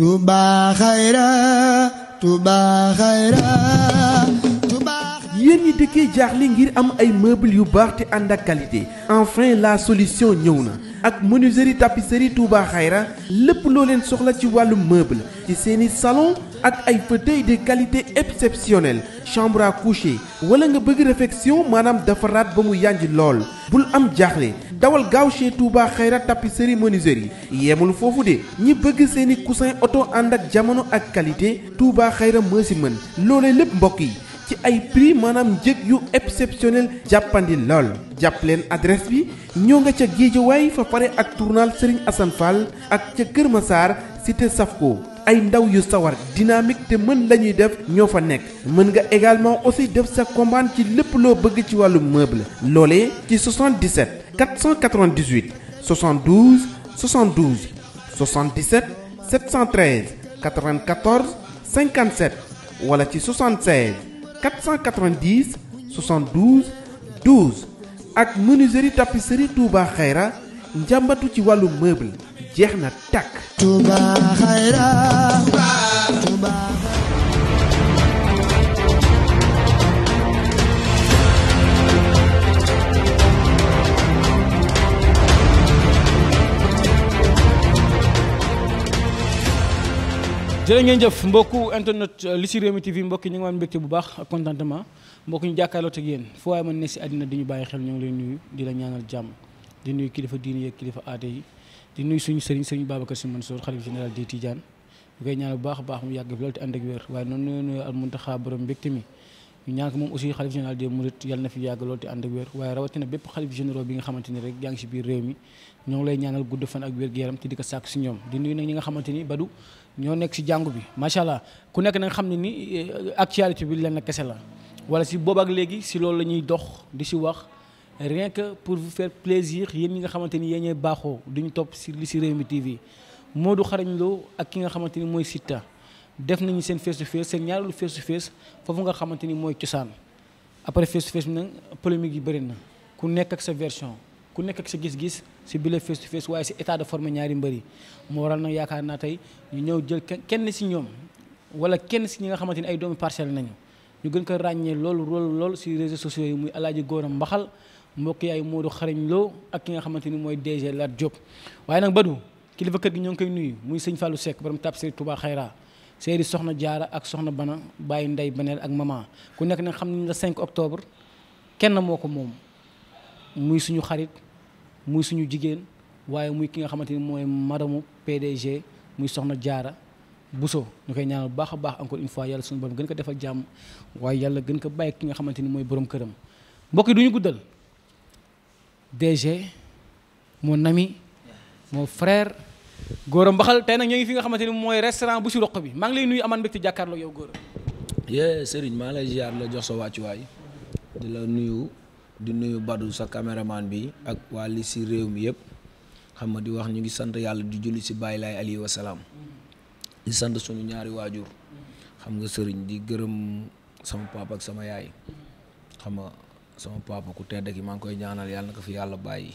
Touba Khayra Touba Khayra yéen ñi dëkkee jaaxle ngir am ay meubles yu baax te ànd ak qualité enfin la solution ñëw na ak menuiserie tapisserie Touba Xayra lépp loo leen soxla ci wàllu meuble ci seeni salon ak ay fauteuil de qualité exceptionnelle chambre à coucher wala nga bëgg réfection maanaam defaraat ba mu yànj lool bul am jaaxle dawal gaaw chez Touba Xayra tapisserie menuiserie yemul foofu de ñi bëgg seeni coussin oto ànd ak jamono ak qualité Touba Xayra moo si mën loolee lépp mbokk yi ci ay prix maanaam njëg yu exceptionnel jàppandi lool jàpp leen adresse bi ñoo nga ca Géejawaay fa pare ak tournal Serigne Assane Fall ak ca Kër Massar cité Safko ay ndaw yu sawar dynamique te mën la ñuy def ñoo fa nekk mën nga également aussi def sa commande ci lépp loo bëgg ci wàllu meuble loole ci 77 498 72 72 77 713 94 57 wala ci 76 490 72 12 ak menuiserie tapisserie njàmbatu ci wàllu meuble jeex na tàkk. Touba jërë ngeen jëf mbokku internet euh, li si Rewmi TV mbokki ñu ngi waan mbégte bu baax ak contentement mbokku ñu jàkkaarloo ak yéen foo waaye mën ne si àddina di ñu bàyyi xel ñu ngi lay nuyu di la ñaanal jàmm di nuy kilifa diine yeeg kilifa aada yi di nuy suñu sëriñ sëriñ Babacar man Mansour xalif général di Tidiane ñu koy ñaanal bu baax a baax mu yàgg fi loolu te ànd ak wér waaye noonu nuyu al Muntaxa borom mbégte mi ñu ñaan ko moom aussi xalif général des mourides yal na fi yàgg lool te ànd ak wér waaye rawatina bépp xalif généraux bi nga xamante rek yaa ngi si biir réew mi ñoo ngi lay ñaanal gudd fan ak wér gu yaram te di ko sàkk si ñoom di ñi nga xamante badu ñoo nekk si jàngu bi macha allah ku nekk nag xam ne ni eh, actualité bi lenn kese la wala si boobu ak léegi si loolu la ñuy dox di si wax rien que pour vous faire plaisir yéen ñi nga xamante ni yéenay baaxoo duñu topp si li si réew mi TV Modou Xarañ Lo ak ki nga xamante ni mooy Siteu def nañu seen face to face seen ñaareelu face to face foofu nga xamante ni mooy cosaan après face to face bi nag polémique yi bëri na ku nekk ak sa version ku nekk sa gis-gis si bile face to face waaye de forme ñaari mbëri moo waral yaakaar naa tey ñu ñëw jël kenn si ñoom wala kenn si ñi nga xamante ni ay doomi parcelle nañu ñu gën ko ràññee loolu loolu loolu si réseaux sociaux yi muy alaaji góor mbaxal mbokk yaay Modou xarañ loo ak ki nga xamante ni mooy DG Lat Diop waaye nag Badou kilifa kër gi ñoo ngi koy nuyu muy sëñ Fallou Seck borom Tapsir Touba Xayra séeri soxna jaara ak soxna bana bàyyi ndey baneel ak maman ku nekk nag xam nañ la 5 octobre kenn moo ko moom muy suñu xarit muy suñu jigéen waaye muy ki nga xamante ni mooy madamu PDG muy soxna jaara Bousso ñu koy ñaanal baax a baax encore une fois yàlla suñu borom gën ko defal jàmm waaye yàlla gën ko bàyyi ki nga xamante ni mooy boroom këram mbokk yi du ñu guddal DG mon ami mon frère Gora Mbaxal tey nag ñu ngi fi nga xamante ni mooy restaurant bu si roq bi maa ngi lay nuyu amaan mbégte jàkkaarloo yow Gora. yee Serigne maa lay ziar la jox sa wàccuwaay di la nuyu di nuyu Badou sa caméraman bi ak waa si réew mi yëpp xam nga di wax ñu ngi sant yàlla di julli si bàyyi Laye Aliou wasalaam di sant suñu ñaari waajur xam nga sëriñ di gërëm sama papa ak sama yaay xam nga sama papa ku tedd ki maa ngi koy ñaanal yàlla na ko fi yàlla bàyyi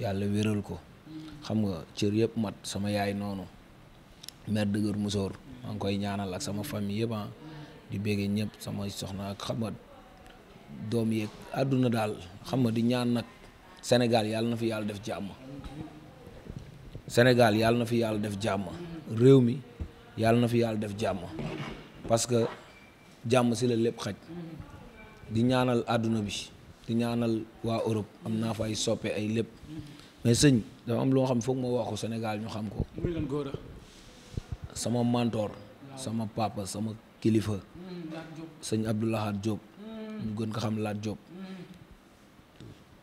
yàlla wéral ko. xam nga cër yëpp mat sama yaay noonu mère dëgër musóor maa ngi koy ñaanal ak sama famille yëpp ah. di béggee ñëpp sama soxna ak xam nga doom yeeg àdduna daal xam nga di ñaan nag Sénégal yàlla na fi yàlla def jàmm Sénégal yàlla na fi yàlla def jàmm réew mi yàlla na fi yàlla def jàmm parce que jàmm si la lépp xaj di ñaanal àdduna bi di ñaanal waa Europe am naa fa ay soppe ay lépp mais sëñ dafa am loo xam foog ma wax ko Sénégal xam ko. muy sama mentor. sama papa sama kilifa. Hmm, sëñ Abdou Lahad hmm. gën ko xam Laat Diop. Hmm.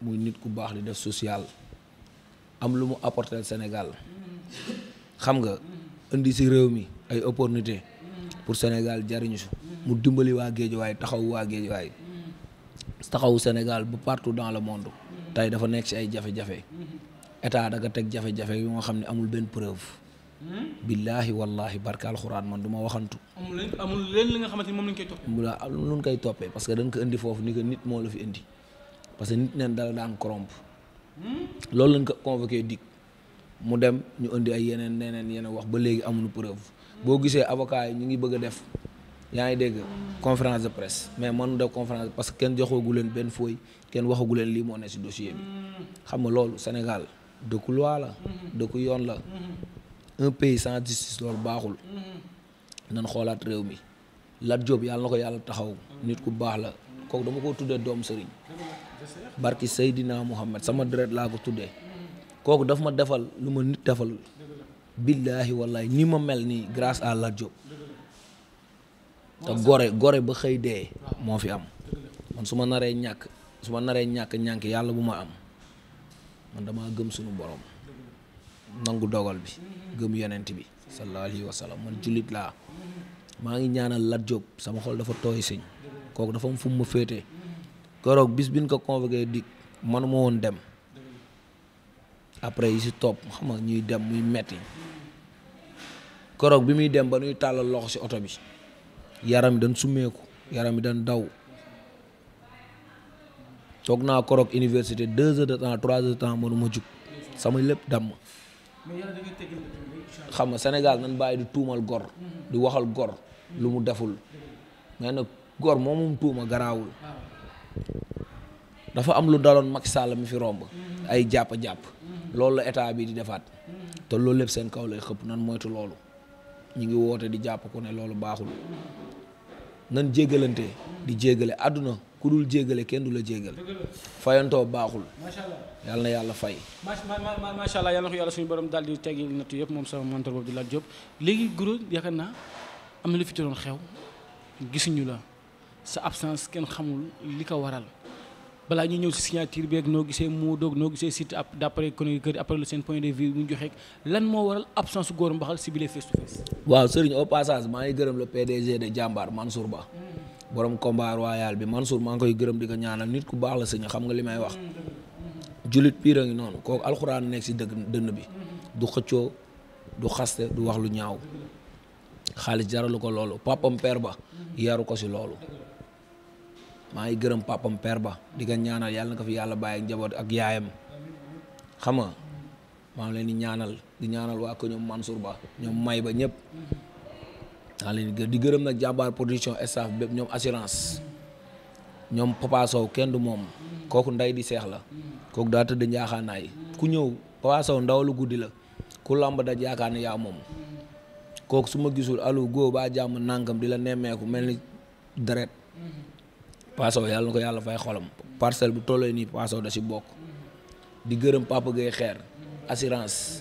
muy nit ku baax di def social. am lu mu apporter Sénégal. xam nga indi si réew mi ay opportunité pour Sénégal jariñu si mu dimbali waa géej waaye taxaw waa géej waaye taxawu Sénégal ba partout dans le monde tey dafa nekk si ay jafe-jafe état da nga teg jafe-jafe yu nga xam ne amul benn preuve. Hmm? billaahi wallaahi barke alxuraan man du ma waxantu. amul leen amul leen li nga xamante ni moom lañ koy toppee. mu la koy toppee parce que dañ ko indi foofu ni que nit moo la fi indi parce que nit neen dala daan corrompre. Hmm? loolu lañ ko convoqué dik mu dem ñu indi ay yeneen neneen yeneen wax ba léegi amuñu preuve. boo gisee avocat yi ñu ngi bëgg a def. yaa ngi dégg conférence de presse mais mënu def conférence parce que kenn joxoogu leen benn fooy kenn waxagu leen lii moo ne si dossier bi hmm. xam nga loolu Sénégal dëkku loi la. Mhm. dëkku yoon la. Mhm. un pays sans justice loolu baaxul. Mhm. nan xoolaat réew mi. Lat Diop yàlla na ko yàlla taxaw. nit ku baax la. kooku dama ko tuddee doomu sëriñ. barki Seydina Muhammad sama deret laa ko tuddee. kooku daf ma defal lu ma nit defal. billaahi wallaahi ni ma mel nii grace à Lat Diop. te gore gore ba xëy dee. moo fi am. man su ma naree ñàkk su ma naree ñàkk ñànk yàlla bu ma am. man damaa gëm suñu borom nangu dogal bi gëm yenent bi sallallahu alayhi wa sallam man jullit laa maa ngi ñaanal Lat Diop sama xol dafa tooy sëñ kooku dafa am fu mu féete keroog bis biñ ko convoqué di manuma woon dem après yi si topp xam nga ñuy dem muy metti keroog bi muy dem ba ñuy tàllal loxo si oto bi yaram yi dañ summeeku yaram yi dañ daw toog naa korok université deux heures de temps trois heures de temps mënu ma jug sama lépp damm xam nga senegal nan bàyyi di tuumal gor di waxal gor lu mu deful mais nag gor moom moom tuuma garaawul dafa am lu daloon mag Sall mu fi romb ay jàpp-jàpp loolu la état bii di defaat te loolu lépp seen kaw lay xëpp nan moytu loolu ñu ngi woote di jàpp ku ne loolu baaxul nan jéggalante di jéggale àdduna ku dul jéggale kenn du la jéggal fayantoo baaxul yàlla na yàlla fay macha allah yàlla na suñu borom daal di teggil nattu yëpp moom sama mentor boobu di Lat léegi Gora yaakaar na am na lu fi doon xew gisuñu la sa absence kenn xamul li ko waral balaa ñu ñëw si signature bi ak noo gisee moo doog noo gisee site d' après chroniqueur après le seen point de vue mu joxe lan moo waral absence Gora Mbaxal si bile face to face waaw sëriñ au passage maa ngi gërëm le PDG de Jambar Ba hmm. borom kombaar royal bi Mansour maa ngi koy gërëm di ko ñaanal nit ku baax la sëñ xam nga li may wax. julit piir ngi noonu kooku alxuraan nekk si dëgg dënn bi. du xëccoo du xaste du wax lu ñaaw. xaalis jaralu ko loolu papam père ba. yaru ko si loolu. maa ngi gërëm papam père ba di ko ñaanal yàlla na ko fi yàlla bàyyi njaboot ak yaayam xam nga maa ngi leen di ñaanal di ñaanal waa ko ñoom Mansour ba ñoom may ba ñëpp. maa di gërëm nag jàmbaar production staff bépp ñoom assurance ñoom Papa kenn du moom kooku ndey di seex la kooku daa tëdd njaaxaanaay ku ñëw Papa Sow ndaw lu guddi la ku làmb da yaakaar ne yaa moom kooku su ma gisul alu góo baa jàmm nànkam di la nemmeeku mel ni deret Papa yàlla na ko yàlla fay xolam parcelle bu tollee nii Papa Sow da si bokk di gërëm Papa Gueye Xeer assurance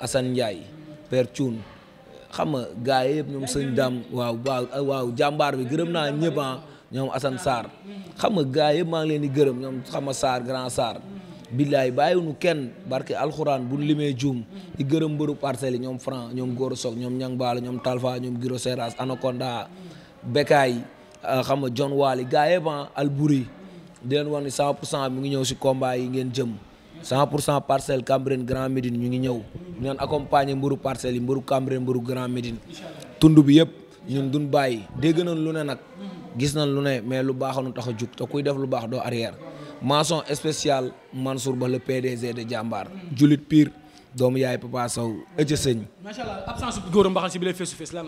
Assane Ndiaye Père Thioune xam nga gars yi yëpp ñoom sëñ daam waaw waaw waaw jàmbaar bi gërëm naa ñëpp ah ñoom Assane saar xam nga gars yëpp maa ngi leen di gërëm ñoom xam nga Sarr grand Sarr billaay bàyyiwuñu kenn barke alxuraan bu limee juum di gërëm mbëru parcelles yi ñoom franc ñoom góor sok ñoom ñang baala ñoom talfa ñoom giro seras anaconda bekaay ah, xam nga John Waly gars yëpp ah Albouri di leen wax ni 100 pour cent mi ngi ñëw si combat yi ngeen jëm 100 pour cent parcelle Cambérène Grand Médine ñu ngi ñëw ñu naan accompagner mburu parcelles yi mburu Cambérène mburu Grand Médine tund bi yëpp ñun duñ bàyyi dégg nañ lu ne nag gis nañ lu ne mais lu baaxanu tax a jug te kuy def lu baax doo arrière mention spéciale Mansour Ba le PDG de Jàmbaar julit pire doomu yaay Papa Sow ëcc sëñ. macha allah absence bu góor a mbaxal si bi lay face to face la.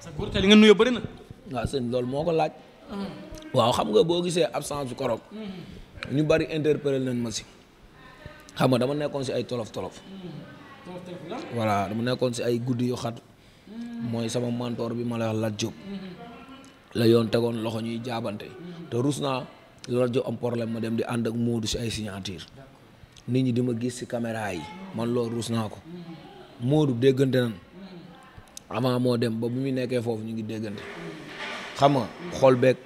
sa góor tey li nga nuyoo bëri na. waaw sëñ loolu moo ko laaj. Mm. waaw xam nga boo gisee absence bu korog. Mm. ñu bari interpellé ma xam nga dama nekkoon si ay tolof tolof. voilà dama nekkoon si ay guddi yu xat. mooy sama mentor bi ma la wax Lat Diop. la yoon tegoon loxo ñuy jaabante. te rus naa Lat Diop am problème ma dem di ànd ak Moodu si ay signature. nit ñi di ma gis ci caméra yi. man loolu rus naa ko. Moodu déggante nan avant moo dem ba bu muy nekkee foofu ñu ngi déggante. xam nga xool beeg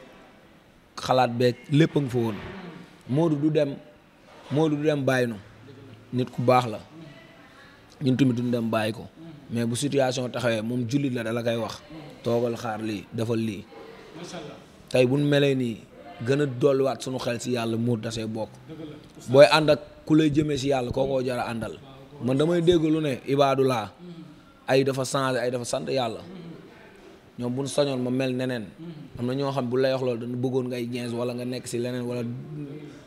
xalaat beeg lépp a nga fa woon. Moodu du dem Moodu du dem bàyyi nu nit ku baax la ñun tamit dem bàyyi ko mais bu situation taxawee moom jullit la dala koy wax toogal xaar lii defal lii tey buñ melee nii gën a dolliwaat sunu xel si yàlla muur dasee bokk booy ànd ak ku lay jëmee si yàlla koo kookoo jara àndal man damay dégg lu ne ibaadu laa mm-hmm. ay dafa changé ay dafa sant yàlla mm-hmm. ñoom buñ sañoon ma mel neneen mm-hmm. am na ñoo xam bu lay wax loolu dañu bëggoon ngay gens wala nga nekk si leneen wala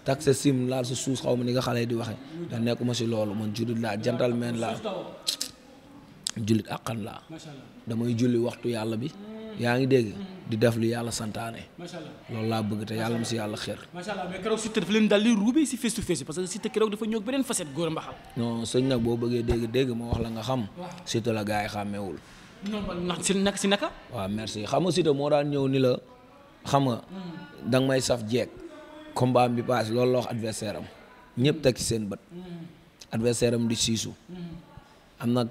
tak sa sim laa sa suus xaw ma ni nga xale di waxee da ma si loolu man jullit laa gentleman laa jullit àqan laa damay julli waxtu yàlla bi yaa ngi dégg di def lu yàlla santaane loolu laa bëgg te yàlla mu si yàlla xër macha allah mais keroog Siteu dafa leen daal di ruubee si face to face parce que Siteu keroog dafa ñëw beneen facette góor mbaxal non sëñ nag boo bëggee dégg dégg ma wax la nga xam Siteu la gars yi xàmmeewul ndax si nag si naka. waaw merci xam nga Siteu moo daan ñëw ni la xam nga. Hmm. danga may saf jeeg. combat bi passé loolu la wax adversaire am ñëpp teg seen bët. Hmm. adversaire am di siisu. Hmm. am nag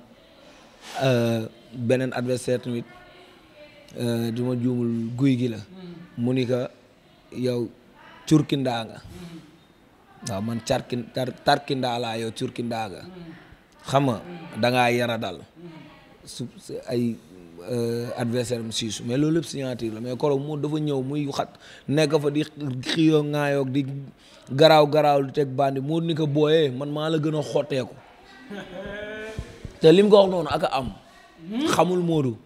euh, beneen adversaire tamit euh, du ma juumul guy gi la. mu ni ka yow curkindaa nga. waaw man carkin tarkindaa laa yow curkindaa nga. xam nga da ngaa yara dal. su ay euh, adversaire am siisu mais loolu lépp signature la mais Koro moo dafa ñëw muy xat nekk fa di xiyoo ŋaayoog di garaaw garaaw di teg bandi moo ni ko booyee eh, man maa la gën a xotteeku te lim ko wax noonu ak am. Hmm? xamul Modou.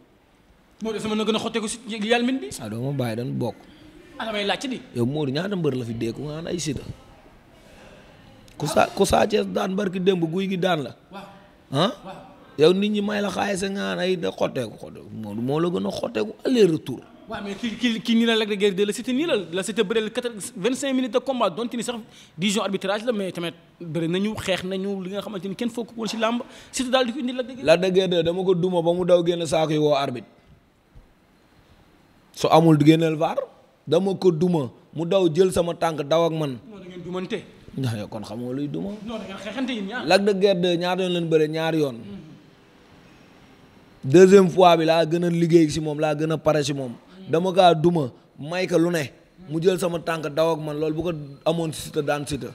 Modou sama na gën a xotteeku si yàlla min bi. ah doo bàyyi dañ bokk. ah damay laajte di. yow Modou ñaata mbër la fi dee ku nga naan ay sita ku saa ku saa daan barki démb guy gi daan la. yow nit ñi may la xaalis sa ngaan ay xotteeku xotteeku moo la gën a xotteeku aller retour. waaw mais ki ki ki nii la Lac de Guiers 2 la c'était nii la la c'était bëre la quatre vingt cinq minutes de combat donte ni sax division arbitrage la li nga xamante ni kenn fokk ko ci làmb surtout daal di ko indi Lac de Guiers. Lac de Guiers dama ko duma ba mu daw génn saako yi woo arbitre su amul du génneel vaar dama ko duma mu daw jël sama tànk daw ak man. non da kon xam nga luy duma. non da ngeen xeexante yéen ñaar. Lac de ñaar yoon leen bëre ñaar yoon. Hmm. deuxième fois bi laa gën a liggéey si moom laa gën a pare si moom dama kaa duma may ka lu ne mu jël sama tànk daw ak man loolu bu ko amoon Siteu daan Siteu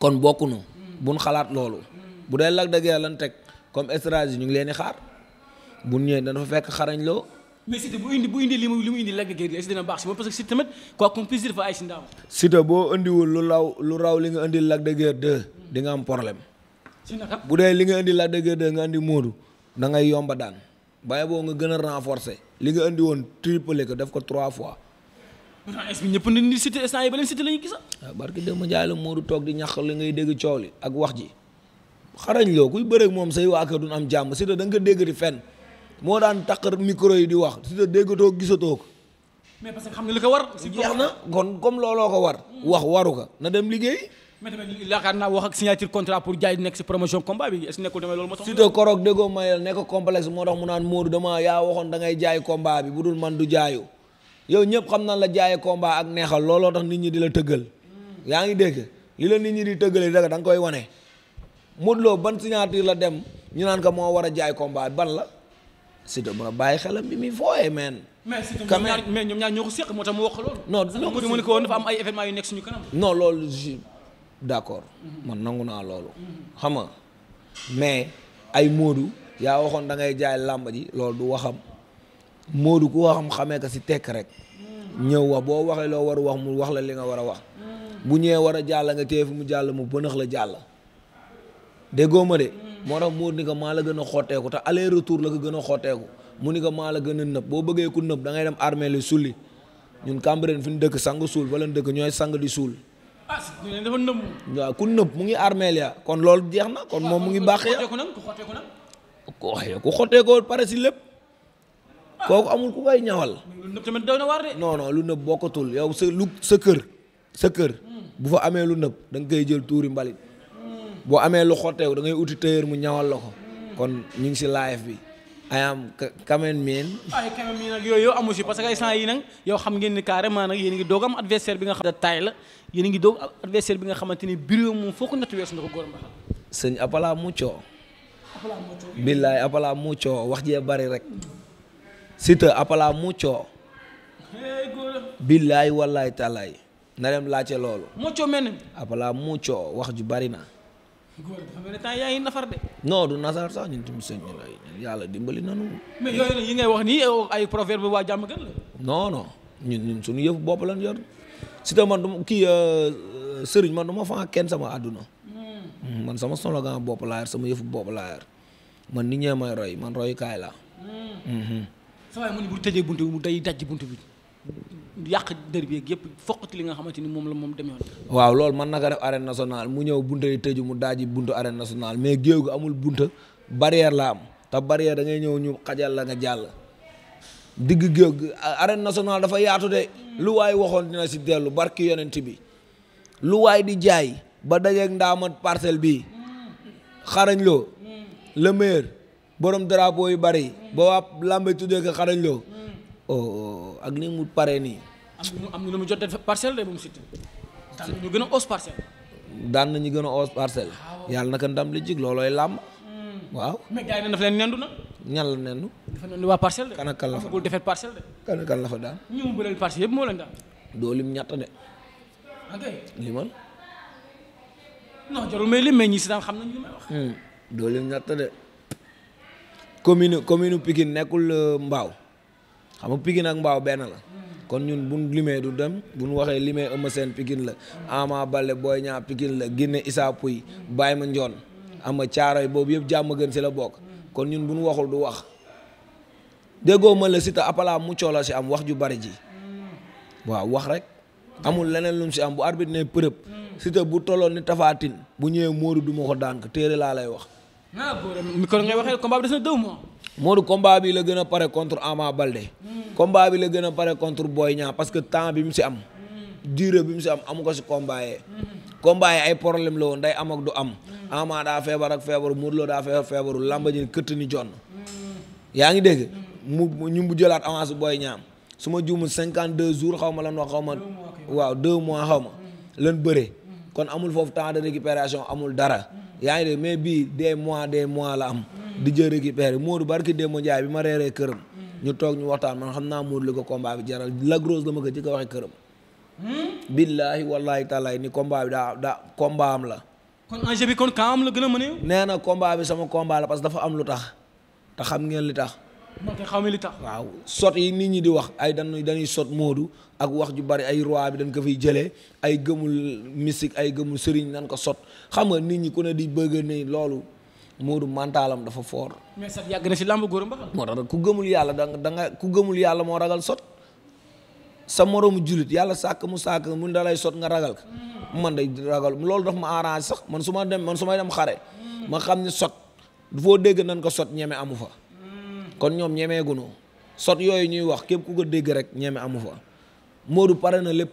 kon bokkunu buñ xalaat loolu bu dee Lac de Guiers teg comme stratégie ñu ngi leen di xaar bu ñëwee dafa fekk xarañ loo mais Siteu bu indi li mu li mu indi Lac de Guiers dina baax si moom parce que tamit quoi qu'on puisse dire dafa ay si ndaw. boo indiwul lu raw lu raw li nga indi Lac de Guiers di nga am problème. bu dee li nga indi Lac de Guiers 2 nga indi Modou. da ngay yomba daan bàyyi boo nga gën renforcé li nga indi woon triplé ko def ko trois fois. est-ce que ñëpp nañu cité instant yi ba leen cité la ñu gis. waaw ah, barki démb Ndiaye la Modou toog di ñax li ngay dégg coow li ak wax ji xarañ loo kuy bëreeg moom say waa kër duñ am jàmm si da nga ko dégg di fenn moo daan taq micro yi di wax si déggatoo gisatoo ko. mais parce que li ko war. jeex na kon comme looloo ko war. Hmm. wax waru ko na dem liggéey. mais tamit yaakaar naa wax ak signature contrat pour jaay nekk si promotion combat bi est-ce que nekkul tamit loolu moo nekk complexe moo tax mu naan Modou dama yaa waxoon da jaay combat bu dul man du jaayu yow ñëpp xam nan la jaaye combat ak neexal looloo tax nit ñi di la tëggal. yaa ngi dégg li la nit ñi di tëggalee rek da nga koy wane. Modou Lo ban signature la dem ñu naan ko moo war a jaay combat ban la Siteu ma bàyyi xelam bi muy fooyee meen. mais wax loolu. non non ko dafa am ay événements yu nekk suñu kanam. non loolu d'accord mm-hmm. man nangu naa loolu. Mm-hmm. xam nga mais ay Modou yaa waxoon da ngay jaay làmb ji loolu du waxam Modou ku waxam xamee ko si tekk rek mm-hmm. ñëw wax boo waxee loo war wax mu wax la li nga war a wax bu ñëwee war a jàll nga téye fu mu jàll mu bënax la jàll déggoo ma de moo tax Modou ni ko maa la gën a xotteeku te aller retour la ko gën a xotteeku mu ni ko maa la gën a nëb boo bëggee ku nëb dangay dem armée li sulli ñun Cambérène fi ñu dëkk sang suul wala dëkk ñooy sang suul. Ah, dafa nëbb. waaw ku nëbb mu ngi armeel ya kon loolu jeex na kon moom mu ngi baax ya ku xotee ku xotee ko pare si lépp. Ah. kooku amul ku koy ñawal. lu tamit doy na waar de. non non lu nëb bokkatul yow sa lu sa kër. sa kër hmm. bu fa amee lu nëb da nga koy jël tuuri mbalit. Hmm. boo amee lu xottee da ngay uti tailleur mu ñawal la ko. Hmm. kon ñu ngi si live bi. I am Kamen Mien. ay Kamen Mien nag yooyu yow amu si parce que instant yii nag yow xam ngeen ni carrément nag yéen ngi doog am adversaire bi nga xam ne taille la. yéen a ngi doog adversaire bi nga xamante ni bureau moom foo ko natt weesu na ko góor mbaxal sëñ Apala Mucco billaay Apala Mucco wax jee bari rek Siteu Apala Mucco billaay wallaay tàllaay na dem laajte loolu Mucco mel Apala Mucco wax ju bari na góor yaa ngi nafar de. non du nasar sax ñun tamit sëñ bi yàlla dimbali nanu mais yi ngay wax nii ay proverbe waa jàmm gën la. non non ñun suñu yëfu bopp lañ yor. Siteu man du ma kii euh, sëriñ man du ma faa kenn sama àdduna. Hmm. man sama slogan bopp laa sama yëfu bopp laa man nit ñee may roy man royukaay laa. Hmm. Mhm. sa waay mu ni bu tëjee bunt mu day daj bunt bi yàq dër bi yëpp foqati li nga xamante ni moom la moom demee waaw loolu man naka def arène nationale mu ñëw bunte yi tëju mu daaji buntu arène nationale mais géegu amul bunta barrière la am te barrière da ngay ñëw ñu xajal la nga jàll. digg géej arène nationale dafa yaatu de lu waay waxoon dina si dellu barki yonent bi lu waay di jaay ba dajeeg ndaamat parcelle bi xarañ loo le maire borom drapeau yu bari ba waa lambe tuddee ko xarañ loo oh, oh, oh, ak ni mu pare nii. am na lu mu jotee parcelle de moom Siteu daan nañu gën a os parcelle. nañu gën a os parcelle. Ah, yàlla naka ndam li jig loolooy làmb hmm. waaw. ñan la nenn. dafa waa parcelle de. kan ak kan la fa amagul defet parcelle de. kan ak kan la fa daan. ñi mu bëreel parcelle yëpp moo leen de. ok ah, limal. non nañ li may hmm. commune commune Pikine nekkul euh, Mbaaw xam nga Pikine ak Mbaaw benn la. kon ñun buñ limee du dem buñ waxee limee Eumeu Sène Pikine la Ama Baldé Boy Niang Pikine la Guinée Issa Pouye Baye Mandione am nga Caaroy boobu yëpp jàmm gën si la bokk. kon ñun bu ñu waxul du wax déggoo ma la Siteu appala mu coola si am wax ju bari ji waaw wax rek amul leneen lum si am bu arbitre ne përëb hmm. Siteu bu tolloon ni tafaatin bu ñëwee Modou du ma ko dànk téere laa lay wax. ah micro ngay waxee combat bi des na deux bi la gën a pare contre Ama Balde. Hmm. combat bi la gën a pare contre Boy Niang parce que temps bi mu si am. Hmm. durée bi mu si am amu ko si combat combat ay problème la woon day am ak du am mm. ama daa feebar ak feebaru Modou Lo daa feebar feebaru mm. lamba ji këtt ni jonn mm. yaa ngi dégg mu ñu mu jëlaat avance booy ñaam su ma juumul cinquante deux jours xaw ma lan wax xaw ma waaw deux mois xaw ma lan bëre kon amul foofu temps de récupération amul dara yaa ngi dégg mais bii des mois des mois la am di jël récupéré Modou barki Demba Ndiaye bi ma reeree këram ñu toog ñu waxtaan man xam naa Modou li ko combat bi jaral la grosse dama ko jëkk a këram billaahi wallaahi taalaay ni combat bi daa daa combat am la. kon enjeu bi kon kaa am la gën a mën nee na combat bi sama combat la parce dafa am lu tax te xam ngeen li tax. man li tax. waaw sot yi nit ñi di wax ay dañuy dañuy sot moodu ak wax ju bari ay roi bi dañ ko fiy jëlee ay gëmul mystique ay gëmul sëriñ nan ko sot xam nga nit ñi ku ne di bëgg ne loolu moodu mentalam dafa fort. mais sax yàgg ku gëmul yàlla da nga ku gëmul yàlla moo ragal sot. sa moroomu julit yàlla sàkk mu sàkk mun da lay sot nga ragal ko man day ragal loolu daf ma arrange sax man su ma dem man su ma dem xare ma xam ne sot foo dégg nan ko sot ñeme amu fa kon ñoom ñemee gunoo sot yooyu ñuy wax képp ku ko dégg rek ñeme amu fa Modou pare na lépp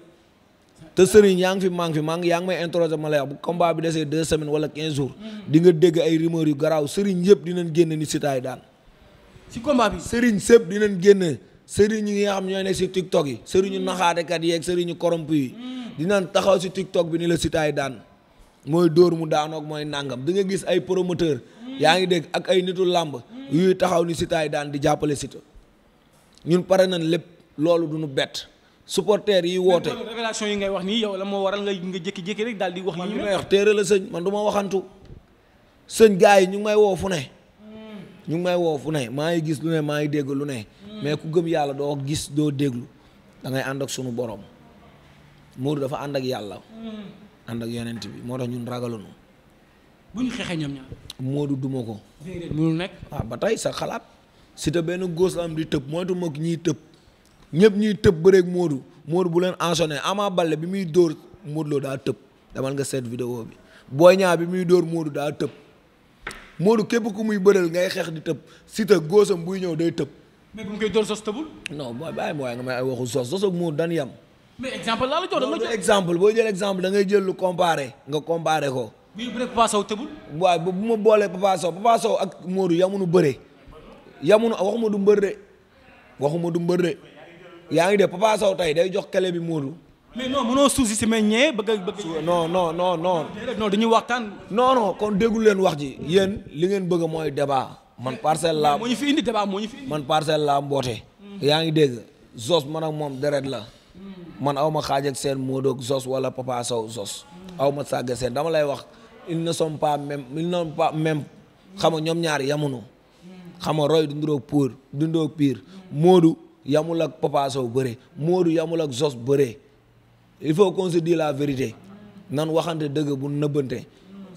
te sëriñ yaa ngi fi maa fi maa ngi yaa ngi may interroger ma lay wax bu combat bi desee deux semaines wala quinze jours di nga dégg ay rumeurs yu garaaw sëriñ yëpp dinañ génn ni sitaay daan si combat bi sëriñ sëpp dinañ génn sëriñ yi nga xam ñooy nekk si tiktok yi sëriñu mm. naxaatekat yee ak sëriñu korompu yi dinañ taxaw si tiktok bi ni la Siteu ay daan mooy dóor mu daanoog mooy nàngam di nga gis ay promoteur mm. yaa ngi dégg ak ay nitu làmb mm. yuy taxaw ni Siteu ay daan di jàppale Siteu ñun pare na lépp loolu du ñu bett supporters yi woote. révélation yi ngay wax nii yow la moo waral nga nga jékki-jékki rek daal di wax. li may wax téere la sëñ man du ma waxantu sëñ gaa yi ñu may woo fu ne. ñu ngi may woo ne maa ngi gis lu maa ngi dégg lu ne mais ku gëm yàlla doo gis doo déglu da ngay ànd ak sunu boroom Modou dafa ànd ak yàlla. ànd ak yonent bi moo tax ñun ragalunu bu xeexee ñoom ñaar. duma ko. mënul ah, ba tey sa xalaat. si te benn góos am di tëb moytu mag ñiy tëb ñëpp ñuy tëb bëreeg Modou Modou bu leen enchaîné Ama Baldé bi muy dóor Modou Lo daa tëb damal nga seet vidéo bi Boy Niang bi muy dóor Modou daa tëb Modou képp ku muy bëral ngay xeex di tëb si te góosam buy ñëw day tëb. mais bu mu koy door sos tëbul. non mooy bàyyi mooy nga may ay waxu sos sos ak muur yam. exemple laa la jox boo jël exemple da ngay jël lu comparé nga comparé ko. bu ñu bëree Papa Sow tëbul. waaw bu ma boolee Papa Sow Papa Sow ak Modou yamunu bëre yamunu waxuma du mbër de waxuma du mbër de yaa ngi de Papa Sow tey day jox kele bi Modou. mais non mënoo si estimer ñee bëgg a bëgg. non non non non. waxtaan. non kon déglu leen wax ji. yéen li ngeen bëgg mooy debaa man parcelle laa moo ñu fi indi man parcelle laa yaa ngi dégg Zos ma ak moom deret la. man aw ma xaaj ak seen Modou Zos wala Papa Sow Zos. aw ma sàgg seen dama lay wax ils na sont pas même ils ne sont même xam nga ñoom ñaar yamuñu. xam nga roy dundoo pour dundoo piir Modou yamul ak Papa Sow bëre Modou yamul ak Zos bëre il faut qu'on se la vérité nan waxante dëgg bu nëbbante.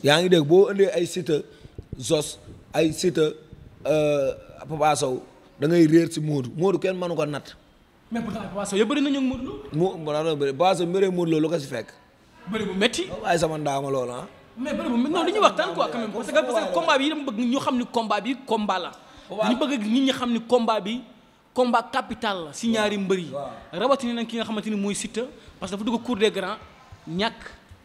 yaa ngi dégg boo indee ay Siteu Zos ay Siteu. Euh, Papa Sow da ngay réer si Modou Modou kenn mënu ko natt. mais pourtant Papa Sow yëpp bëri nañu ak na Lo. mu maanaam bëri Papa Sow mbëree Modou Lo lu ko si fekk. métti. Oh, waaye sama ndaama loolu ah. mais bëri bu métti non dañuy waxtaan quoi quand même parce que parce que combat bi dama bëgg ñu xam ni combat bi combat la. dañu bëgg nit xam ni combat bi. combat capital la si ñaari mbër yi rawatina nag ki nga xamante ni mooy Siteu parce que dafa dugg cour des grands ñàkk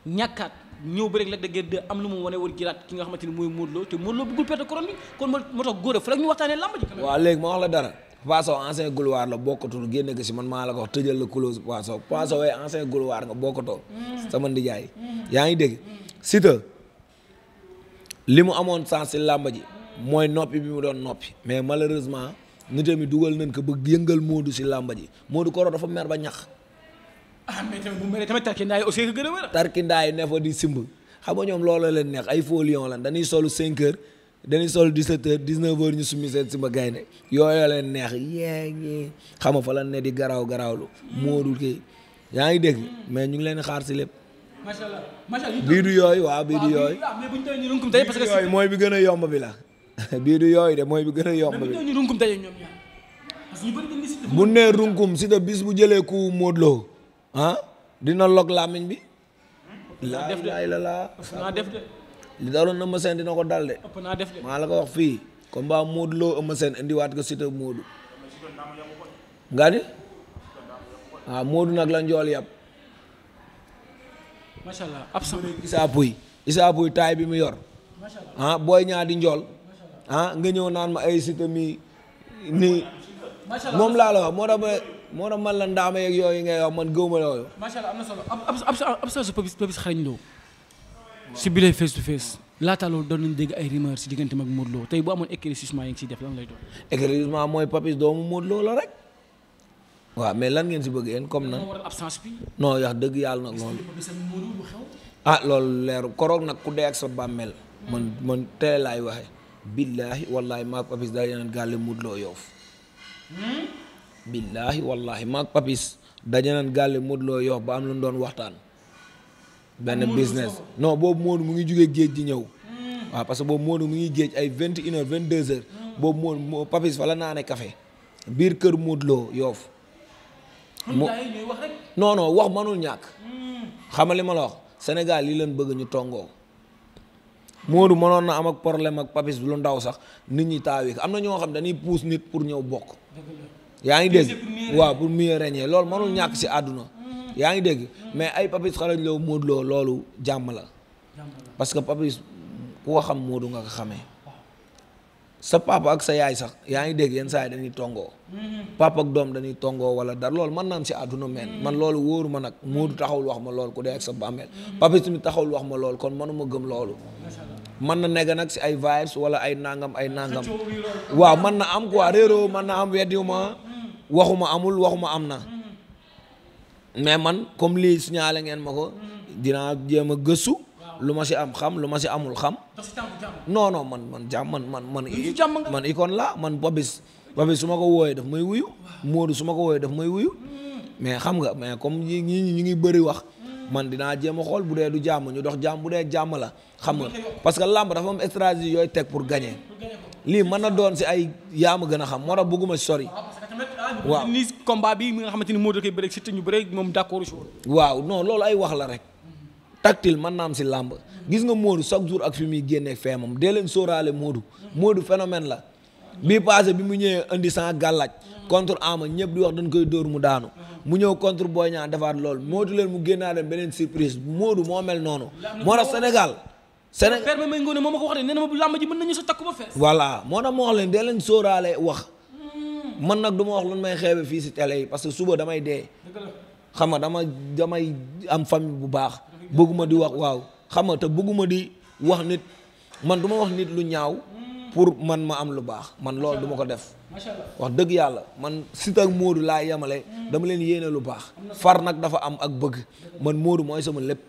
ñàkkaat ñëw ba rek la de Guiers am lu mu wane woon giraat ki nga xamante ni mooy Modou Lo te Modou Lo bëggul perte couronne bi kon moo tax góor a fa la ñu waxtaanee lamb ji léegi ma wax la dara Papa Sow ancien gloire la bokkatu génne ko si man maa la ko wax tëjal la close Papa Sow Papa Sow waaye ancien gloire nga bokkatoo mm. sama ndijaay mm. yaa ngi dégg mm. Siteu li mu amoon sens si làmb ji mooy noppi bi mu doon noppi mais malheureusement nit mi dugal nañ ko ba yëngal Modou si làmb ji Modou Koro dafa ba ñax ah mais tamit bu mu mel tamit tarkindaa yi aussi gën a wér. tarkindaa yi ne fa di simb xam nga ñoom looloo leen neex ay faux lion lan dañuy solu 5 heures dañuy solu 17 heures 19 heures ñu summi seen simba gaynde yooyoo leen neex yee yee xam nga fa lan ne di garaaw garaawlu moodul kii yaa ngi dégg mais ñu ngi leen xaar si lépp. macha allah macha allah bii du yooyu waaw bii du yooyu. mais bu mooy bi gën a yomb bi la. bii du yooyu de mooy bi gën a yomb bi. mais bu ñu runkum tey ñoom ñaar. si. bu bis bu jëlee ku Modou ah dina log làmmiñ bi. laa def de. li daloon Eumeu dina ko dal maa la ko wax fii. combat Modou Lo indiwaat ko Siteu Modou. nga ni. waaw ah, nag la njool yàpp. macha allah taay bi mu yor. Ah, booy ñaa di njool. Ah, nga ñëw naan ma ay Siteu mi nii. moom laa la wax moo tax moo tax man la ndaama yeeg yooyu ngay wax man gëw ma yooyu. macha allah am na solo Papis Papis xarañ loo. si biir face to face. laata loolu doon nañ dégg ay rumeur si diggante mag Modou Lo tey bu amoon éclaircissement yi nga siy def lan lay doon. mooy Papis doomu Modou Lo la rek. waaw mais lan ngeen si bëgg yéen comme nan. absence bi. yax dëgg yàlla nag loolu. ah loolu leeru koroog nag ku dee ak sa bàmmeel. man man teel laay waxe billaahi wallaahi maa Papis daal yeneen gàlle Modou Lo billaahi wallaahi maag papis daje nañ gàlle Modou Lo Yoff ba am lu doon waxtaan. benn business no boobu Modou mu ngi jugee géej ji ñëw. waa parce que boobu Modou mu ngi géej ay vingt une heure vingt deux heures. boobu Modou papis fa la naane kafe biir kër Modou Lo Yoff. mu wax manul ñàkk. xamali ma la wax Sénégal yi leen bëgg ñu tongoo. Modou manoon na am ak problème ak papis lu ndaw sax nit ñi taawee am na ñoo xam dañuy puus nit pour ñëw bokk. yaa ngi dégg waaw pour mieux régner loolu mënul ñàkk si àdduna yaa ngi dégg mais ay papis xarañ loo Modou Lo loolu jàmm la parce que papis ku ko xam Modou nga ko xamee sa papa ak sa yaay sax yaa ngi dégg yenn saa yi dañuy tongoo mm-hmm. papa ak doom dañuy tongoo wala dara loolu mën naam si àdduna men mm-hmm. man loolu wóoru ma nag muut taxawul wax ma loolu ku dee ak sa bàmmeel mm-hmm. papis mi taxawul wax ma loolu kon mënuma gëm loolu mën na nekk nag si ay vibes wala ay nangam ay nangam waaw mën na am quoi mën na am weddiwu waxuma amul waxuma am na mais man comme lii signalé ngeen ma ko dinaa jéem a gëstu lu ma si am xam lu ma si amul xam non non man man jàmm man man man man icône la man babis babis su ma ko wooyee daf may wuyu Modou su ma ko wooyee daf may wuyu mais xam nga mais comme ñi ñi ñu ngi bëri wax man dinaa jéem a xool bu dee du jàmm ñu dox jàmm bu dee jàmm la xam nga parce que làmb dafa am stratégie yooyu teg pour gagner lii mën na doon si ay yaama gën a xam moo tax bëgguma sori ah, Ah, waaw ni combat bi mi nga xamante ni moo da koy bëre Siteu ñu bëre moom d'accord si woon waaw non loolu ay wax la rek tactile man naam si làmb gis nga Modou chaque jour ak fi muy génneeg feemam dee leen sóoraale Modou Modou phénomène la bii passé bi mu ñëwee indi sans gàllaaj contre ñëpp di wax dañ koy dóor mu daanu mu ñëw contre Boy Niang defaat lool Modou leen mu génnaa leen beneen surprise Modou moo mel noonu moo tax Sénégal Sénégal père moo ma ko wax de nee na ma làmb ji mën nañu sa takku ba moo wax leen dee leen sóoraale wax man nag du ma wax lu may xeebe fii si télé yi parce que suba damay dee xam nga dama damay am famille bu baax bëgguma di wax waaw xam nga te bëgguma di wax nit man du ma wax nit lu ñaaw pour man ma am lu baax man loolu duma ko def wax dëgg yàlla man Siteu ak Modou laa yemale dama leen yéene lu baax far nag dafa am ak bëgg man Modou mooy sama lépp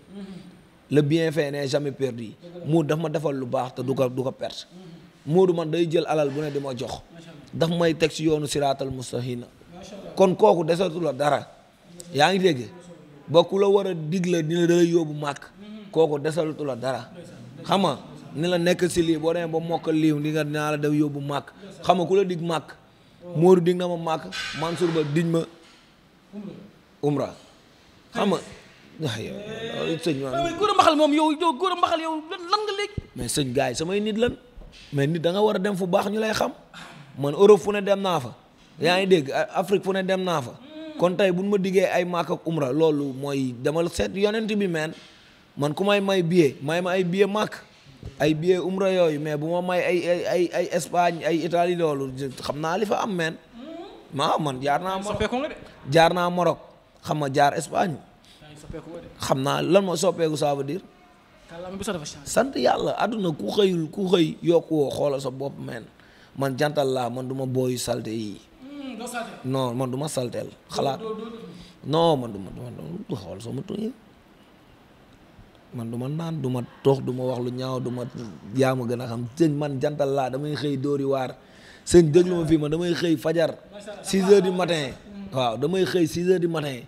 le bienfait n'est jamais perdu Modou daf ma defal lu baax te du ko du ko perte Modou man day jël alal bu ne di ma jox daf may teg si yoonu siraatal mustaqim kon kooku desatu la dara yaa ngi dégg ba ku la war a digle dina dalay yóbbu màkk kooku desalatu la dara xam nga ni la nekk si lii boo demee ba mokkal lii di nga naa la def yóbbu màkk xam nga ku la dig màkk Moodu dig na ma màkk Mansour ba dig ma nga sëñ waaw góor a mbaxal moom yow yow góor a mbaxal yow lan nga mais sëñ gars yi samay nit lan mais nit da nga war a dem fu baax ñu lay xam man Europe fu ne dem naa fa yaa ngi dégg Afrique fu ne dem naa fa kon tey bu nu ma diggee ay maak ak umra loolu mooy demal seet yonent bi meen man ku may may bie may ma ay billet màkk ay billet umra yooyu mais bu ma may ay ay Espagne ay Italie loolu xam naa li fa am meen maa man jaar naa Maroc jaar naa Maroc xam ma jaar Espagne xam naa lan ma soppeeku ça veut dire sant yàlla àdduna ku xëyul ku xëy yokku woo xoolal sa bopp meen man jantal laa man du ma booyu salte yi no man hmm, duma ma salteel xalaat non man duma du xool sama tuñ man du ma naan du ma toox du ma wax lu ñaaw du ma gën a xam sëñ man jantal laa damay xëy dóori waar sëñ déglu ma fii man damay xëy fajar six heures du matin waaw damay xëy six heures du matin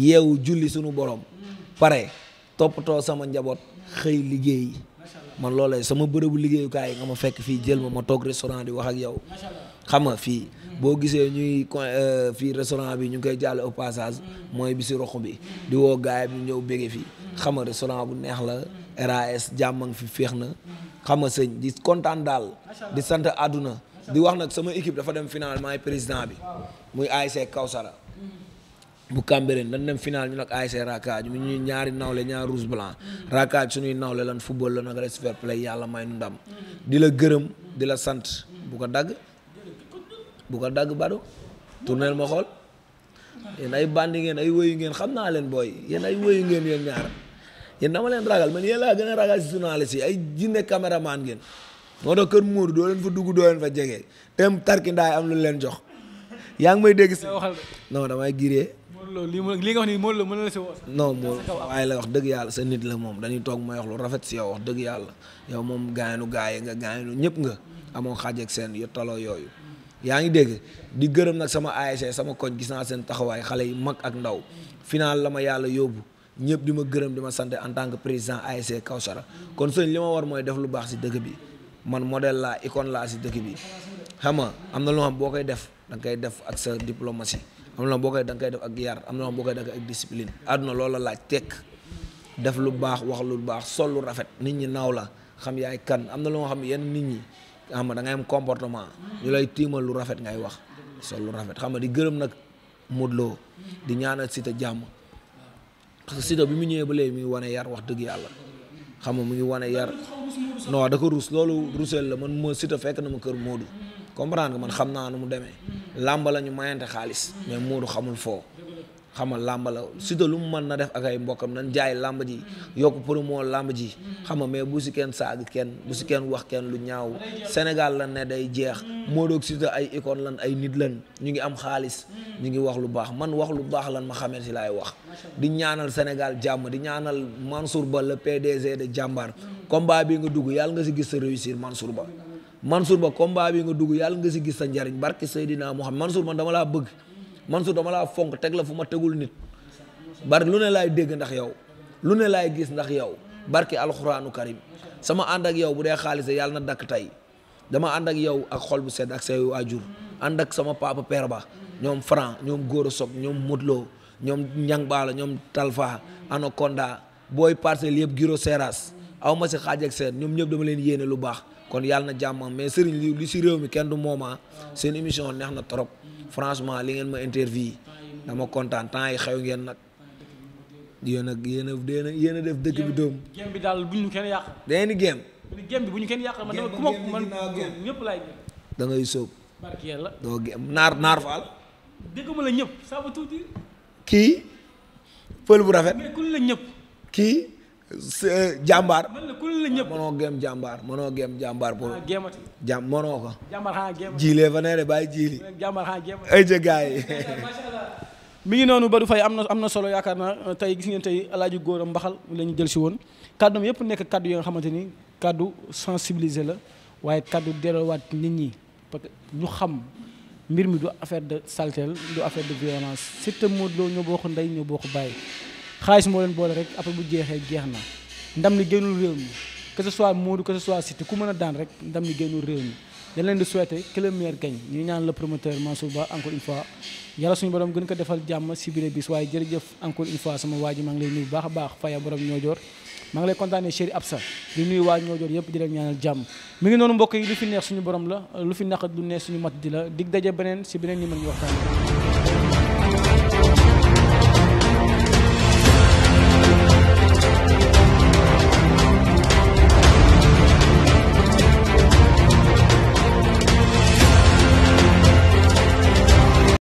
yeewu julli sunu borom hmm. pare toppatoo sama njaboot xëy liggéey man loolay sama bërëbu liggéeyukaay yi nga ma fekk fii jël ma ma toog restaurant di wax ak yow xam nga fii boo gisee ñuy euh, fii restaurant bi ñu ngi koy jàlle au passage mm. mooy bi si rox bi di woo gaay bi ñëw bége fi mm. xam nga restaurant bu neex la RAS jàmmang fi féex na xam nga sëñ di kontaan daal di sant àdduna di wax nag sama équipe dafa dem final maay président bi muy ASC Kawsara bu Cambérène lan dem final ñu nag ASC Rakaaj mu ñuy ñaari nawle ñaar rouge blanc Rakaaj suñuy nawle lan football la nag reste fair play yàlla may nu di la gërëm di la sant bu ko dagg ko dagg badu tourneel ma xool yéen ay bandi ngeen ay wéyu ngeen xam naa leen booy yéen ay wéyu ngeen yéen ñaar yéen dama leen ragal man yéen laa gën si ay jinne caméraman ngeen moo tax kër Mour doo leen fa dugg doo leen fa jege tem tarki ndaay am lu leen jox yaa ngi may dégg si non damay giree Modou lii li nga wax nii Modou Lo mën na la si woo. non Modou Lo waaye la wax dëgg yàlla sa nit la moom dañuy toog may wax lu rafet si yow wax dëgg yàlla yow moom gaañu gaay nga gaañu ñëpp nga amoo xaaj ak seen yu taloo yooyu. yaa ngi dégg di gërëm nag sama ASC sama koñ gis naa seen taxawaay xale yi mag ak ndaw final la ma yàlla yóbbu ñëpp di ma gërëm di ma sant en tant que président ASC Kawsara kon sëñ li ma war mooy def lu baax si dëkk bi man modèle laa icône laa si dëkk bi xam nga am na loo boo koy def da koy def ak sa diplomatie. am na boo koy da koy def ak yar am na boo koy da nga koy ak discipline àdduna loola laaj tek def lu baax wax lu baax sol lu rafet nit ñi naaw la xam yaay kan am na loo xam ne yenn nit ñi xam nga dangay am comportement ñu lay tiimal lu rafet ngay wax sol lu rafet xam nga di gërëm nag Modou loo di ñaanal Siteu jàmm parce bi mu ñëwee ba léegi mi ngi wane yar wax dëgg yàlla xam nga mu ngi wane yar non da ko ruus loolu ruuseel la man ma Siteu fekk na ma kër Modou comprendre man xam naa nu mu demee. làmba la ñu mayante xaalis. mais Modou xamul foo. xamal làmba la surtout lu mu mën na def ak ay mbokkam nan jaay làmba ji yokk pour moo làmba ji xama mais bu si kenn saag kenn bu si kenn wax kenn lu ñaaw Sénégal lan ne day jeex Modou ak surtout ay icône lan ay nit lan ñu ngi am xaalis ñu ngi wax lu baax man wax lu baax lan ma xamee si laay wax di ñaanal Sénégal jàmm di ñaanal Mansour Ba le PDG de jàmbaar combat bii nga dugg yàlla nga si gis sa réussir Mansour Ba Mansour ba combat bi nga dugg yàlla nga si gis sa njariñ barki Seydina Muhammad Mansour man dama laa bëgg Mansour dama laa fonk teg la fu ma tegul nit bari lu ne laay dégg ndax yow lu ne laay gis ndax yow barki alxuraanu karim sama ànd ak yow bu dee xaalis yàlla na dakk tey dama ànd ak yow ak xol bu sedd ak say waajur ànd ak sama papa père ba ñoom Franc ñoom Gora Sock ñoom Modou ñoom Ñang Baala ñoom Talfa Anaconda booy parcelle yëpp Giro Seras aw ma xaaj ak seen ñoom ñëpp dama leen yéene lu baax kon yàlla na jàmm mais Serigne li li si réew mi kenn du mooma ah. seen émission neex na trop franchement li ngeen ma interview dama kontaan temps yi xew ngeen nag yéen ak yéen a yéen a def dëkk bi doom. gem bi daal bu ñu kenn yàq. da ngeen bu ñu kenn yàq man dama ku ma man ñëpp laay da ngay sóob. barki yàlla doo gem naar naar faal. dégg ma la ñëpp ça kii pël bu rafet. kii. jàmbaar. man la ku la ñëpp mënoo jàmbaar mënoo gem jàmbaar pour. Ah, jàmm mënoo ko. jàmbaar xanaa ah, géemati jiilee fa eh, ah, noonu Badou Faye am na am na solo yaakaar na eh, tey gis ngeen tey alaaji góor a mbaxal lañu ñu jël si woon kàddoom yëpp nekk kàddu yi nga xamante ni kàddu sensibilisé la waaye kàddu delluwaat nit ñi parce que ñu xam mbir mi du affaire de saltel du affaire de violence surtout Modou Lo ñoo bokk ndey ñoo bokk bàyyi. xaalis moo leen boole rek après bu jeexee jeex na ndam li génnul réew mi que ce soit Modou que ce soit Siteu ku mën a daan rek ndam li réew mi dañ leen di souhaiter que le ñu ñaan le promoteur Mansour Ba encore une fois yàlla suñu borom gën ko defal jàmm si biir bis waaye jërëjëf encore une fois sama waa ji maa ngi lay nuyu baax a baax faya borom ñoojoor maa ngi lay kontaane chéri Absa di nuyu waa ñoojoor yëpp di leen ñaanal jàmm mi ngi noonu mbokk yi lu fi neex suñu borom la lu fi naqat lu neex suñu mat di la dig daje beneen si beneen numéro ñu waxtaan